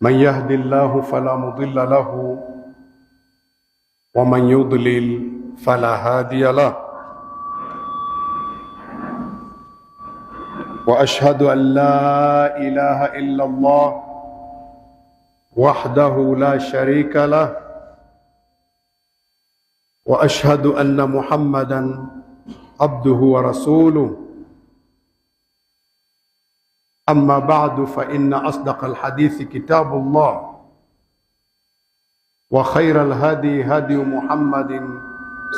من يهد الله فلا مضل له ومن يضلل فلا هادي له واشهد ان لا اله الا الله وحده لا شريك له واشهد ان محمدا عبده ورسوله أما بعد فإن أصدق الحديث كتاب الله وخير الهدي هدي محمد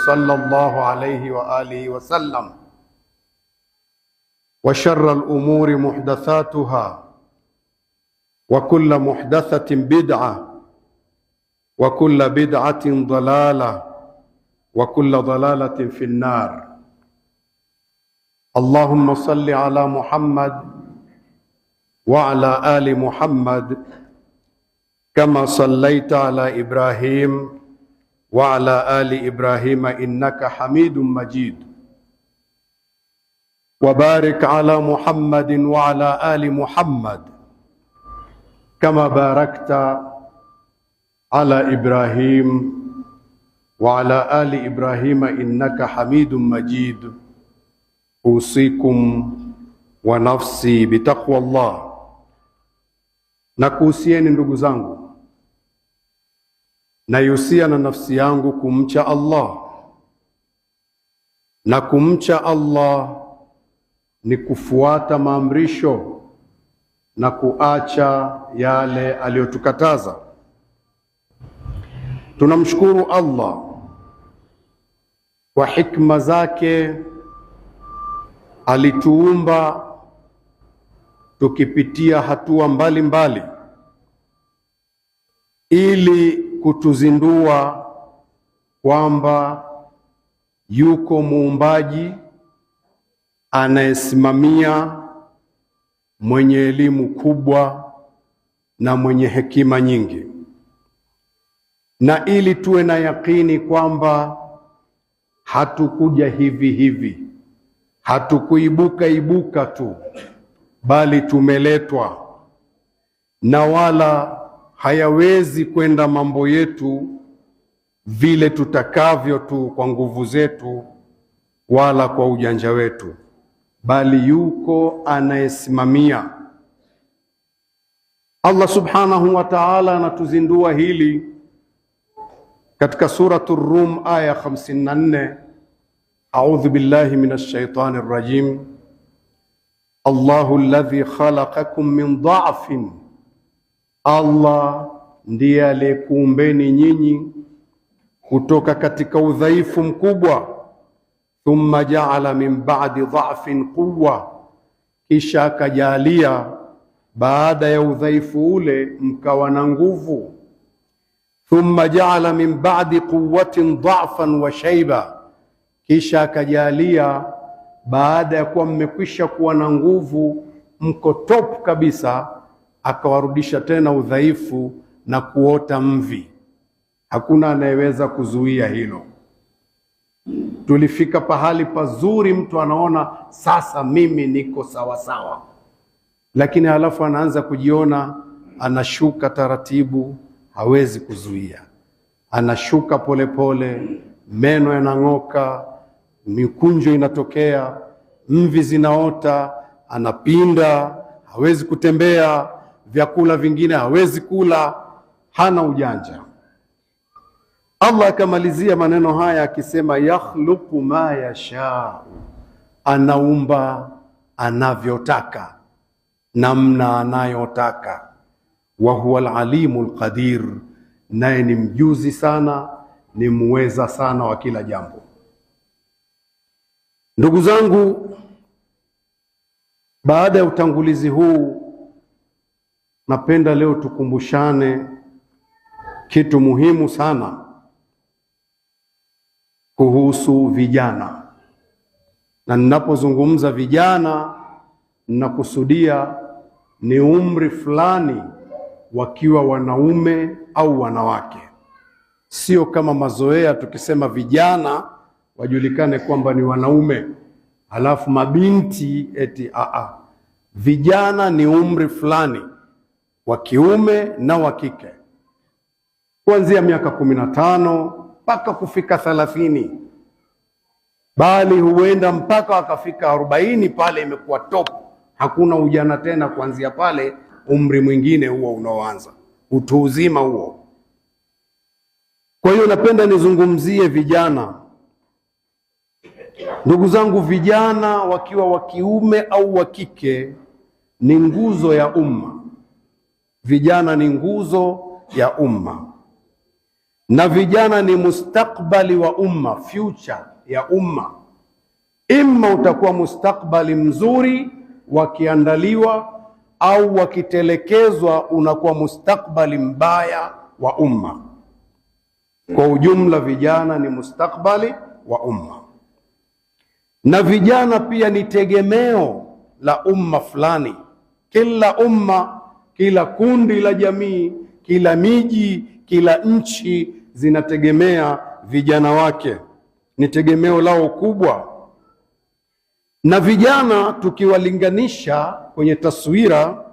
صلى الله عليه وآله وسلم وشر الأمور محدثاتها وكل محدثة بدعة وكل بدعة ضلالة وكل ضلالة في النار اللهم صل على محمد وعلى ال محمد كما صليت على ابراهيم وعلى ال ابراهيم انك حميد مجيد وبارك على محمد وعلى ال محمد كما باركت على ابراهيم وعلى ال ابراهيم انك حميد مجيد اوصيكم ونفسي بتقوى الله Na kuhusieni ndugu zangu, naihusia na nafsi yangu kumcha Allah, na kumcha Allah ni kufuata maamrisho na kuacha yale aliyotukataza. Tunamshukuru Allah kwa hikma zake, alituumba tukipitia hatua mbalimbali mbali ili kutuzindua kwamba yuko muumbaji anayesimamia, mwenye elimu kubwa na mwenye hekima nyingi, na ili tuwe na yakini kwamba hatukuja hivi hivi, hatukuibuka ibuka tu, bali tumeletwa na wala hayawezi kwenda mambo yetu vile tutakavyo tu kwa nguvu zetu wala kwa ujanja wetu, bali yuko anayesimamia. Allah subhanahu wa ta'ala anatuzindua hili katika suratu Rum aya 54, audhu billahi minash shaitani rrajim. Allahu alladhi khalaqakum min dha'fin Allah ndiye aliyekuumbeni nyinyi kutoka katika udhaifu mkubwa, thumma jaala min ba'di dha'fin quwwa, kisha akajaalia baada ya udhaifu ule mkawa na nguvu. Thumma jaala min ba'di quwwatin dha'fan wa shayba, kisha akajaalia baada ya kuwa mmekwisha kuwa na nguvu mko top kabisa akawarudisha tena udhaifu na kuota mvi. Hakuna anayeweza kuzuia hilo. Tulifika pahali pazuri, mtu anaona sasa mimi niko sawa sawa, lakini halafu anaanza kujiona, anashuka taratibu, hawezi kuzuia, anashuka polepole pole, meno yanang'oka, mikunjo inatokea, mvi zinaota, anapinda, hawezi kutembea vyakula vingine hawezi kula, hana ujanja. Allah akamalizia maneno haya akisema, yakhluqu ma yashau, anaumba anavyotaka namna anayotaka. Wa huwa alalimu alqadir, naye ni mjuzi sana, ni muweza sana wa kila jambo. Ndugu zangu, baada ya utangulizi huu Napenda leo tukumbushane kitu muhimu sana kuhusu vijana, na ninapozungumza vijana, ninakusudia ni umri fulani, wakiwa wanaume au wanawake. Sio kama mazoea tukisema vijana wajulikane kwamba ni wanaume halafu mabinti eti a a. Vijana ni umri fulani wa kiume na wa kike kuanzia miaka kumi na tano mpaka kufika thelathini bali huenda mpaka akafika arobaini. Pale imekuwa top, hakuna ujana tena. Kuanzia pale umri mwingine huo unaoanza utu uzima huo. Kwa hiyo napenda nizungumzie vijana, ndugu zangu. Vijana wakiwa wa kiume au wa kike ni nguzo ya umma Vijana ni nguzo ya umma na vijana ni mustakbali wa umma, future ya umma. Imma utakuwa mustakbali mzuri wakiandaliwa, au wakitelekezwa unakuwa mustakbali mbaya wa umma. Kwa ujumla, vijana ni mustakbali wa umma, na vijana pia ni tegemeo la umma fulani. Kila umma kila kundi la jamii, kila miji, kila nchi zinategemea vijana wake, ni tegemeo lao kubwa. Na vijana tukiwalinganisha kwenye taswira,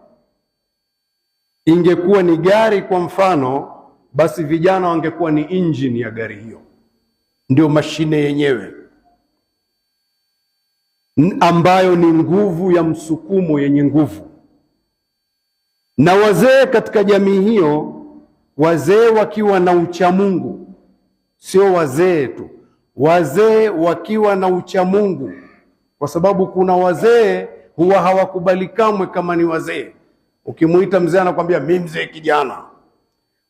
ingekuwa ni gari kwa mfano, basi vijana wangekuwa ni injini ya gari hiyo, ndio mashine yenyewe ambayo ni nguvu ya msukumo yenye nguvu na wazee katika jamii hiyo, wazee wakiwa na uchamungu, sio wazee tu, wazee wakiwa na uchamungu, kwa sababu kuna wazee huwa hawakubali kamwe kama ni wazee. Ukimuita mzee anakuambia mi mzee kijana.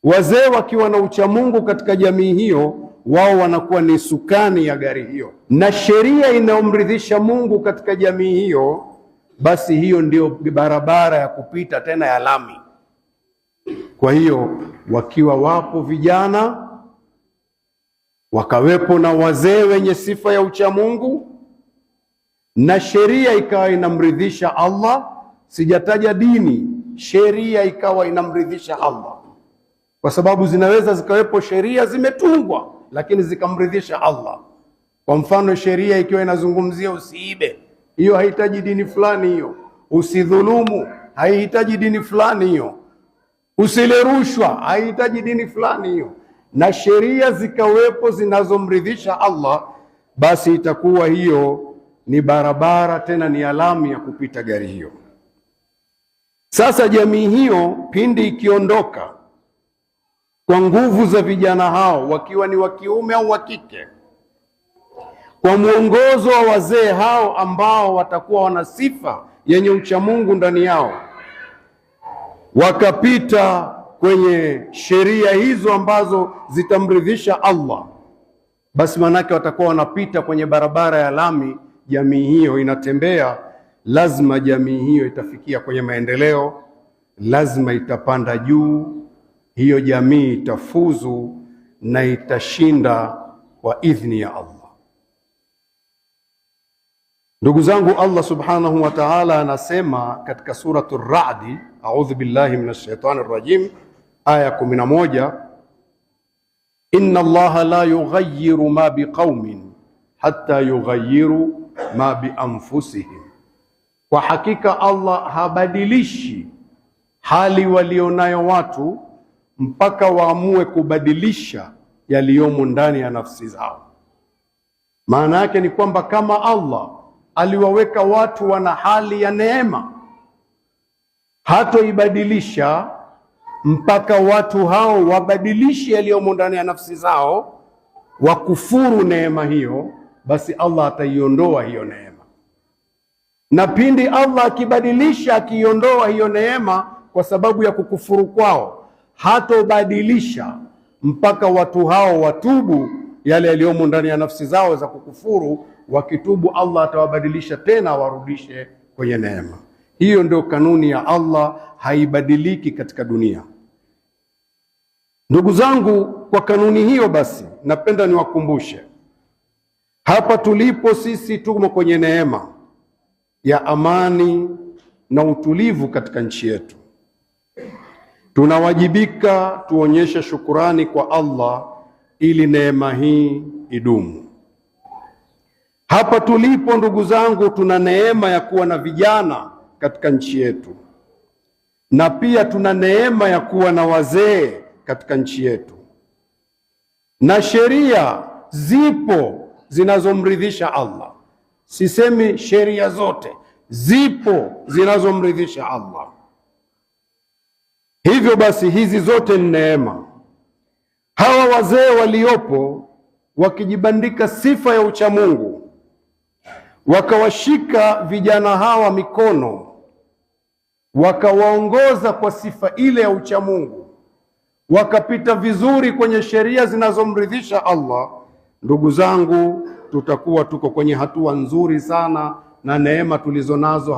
Wazee wakiwa na uchamungu katika jamii hiyo, wao wanakuwa ni sukani ya gari hiyo, na sheria inayomridhisha Mungu katika jamii hiyo basi hiyo ndio barabara ya kupita tena ya lami. Kwa hiyo wakiwa wapo vijana wakawepo na wazee wenye sifa ya uchamungu na sheria ikawa inamridhisha Allah, sijataja dini, sheria ikawa inamridhisha Allah, kwa sababu zinaweza zikawepo sheria zimetungwa lakini zikamridhisha Allah. Kwa mfano sheria ikiwa inazungumzia usiibe hiyo haihitaji dini fulani hiyo. Usidhulumu haihitaji dini fulani hiyo. Usile rushwa haihitaji dini fulani hiyo. Na sheria zikawepo zinazomridhisha Allah, basi itakuwa hiyo ni barabara, tena ni alamu ya kupita gari hiyo. Sasa jamii hiyo pindi ikiondoka kwa nguvu za vijana hao, wakiwa ni wa kiume au wa kike kwa mwongozo wa wazee hao ambao watakuwa wana sifa yenye uchamungu ndani yao, wakapita kwenye sheria hizo ambazo zitamridhisha Allah, basi maanake watakuwa wanapita kwenye barabara ya lami. Jamii hiyo inatembea, lazima jamii hiyo itafikia kwenye maendeleo, lazima itapanda juu, hiyo jamii itafuzu na itashinda kwa idhni ya Allah. Ndugu zangu, Allah subhanahu wa ta'ala anasema katika suratu Ar-Ra'd, a'udhu billahi minash shaitani rrajim, aya moja, inna allaha la yughayyiru ma biqaumin hatta yughayyiru ma bianfusihim, kwa hakika Allah habadilishi hali walionayo watu mpaka waamue kubadilisha yaliyomo ndani ya nafsi zao. Maana yake ni kwamba kama Allah aliwaweka watu wana hali ya neema, hatoibadilisha mpaka watu hao wabadilishe yaliyomo ndani ya nafsi zao, wakufuru neema hiyo, basi Allah ataiondoa hiyo neema. Na pindi Allah akibadilisha, akiiondoa hiyo neema kwa sababu ya kukufuru kwao, hatobadilisha mpaka watu hao watubu yale yaliyomo ndani ya nafsi zao za kukufuru wakitubu, Allah atawabadilisha tena awarudishe kwenye neema. Hiyo ndio kanuni ya Allah, haibadiliki katika dunia. Ndugu zangu, kwa kanuni hiyo basi, napenda niwakumbushe hapa tulipo sisi tumo kwenye neema ya amani na utulivu katika nchi yetu. Tunawajibika tuonyeshe shukurani kwa Allah ili neema hii idumu. Hapa tulipo ndugu zangu, tuna neema ya kuwa na vijana katika nchi yetu, na pia tuna neema ya kuwa na wazee katika nchi yetu, na sheria zipo zinazomridhisha Allah. Sisemi sheria zote, zipo zinazomridhisha Allah. Hivyo basi, hizi zote ni neema. Hawa wazee waliopo wakijibandika sifa ya uchamungu wakawashika vijana hawa mikono wakawaongoza kwa sifa ile ya uchamungu, wakapita vizuri kwenye sheria zinazomridhisha Allah. Ndugu zangu, tutakuwa tuko kwenye hatua nzuri sana, na neema tulizo nazo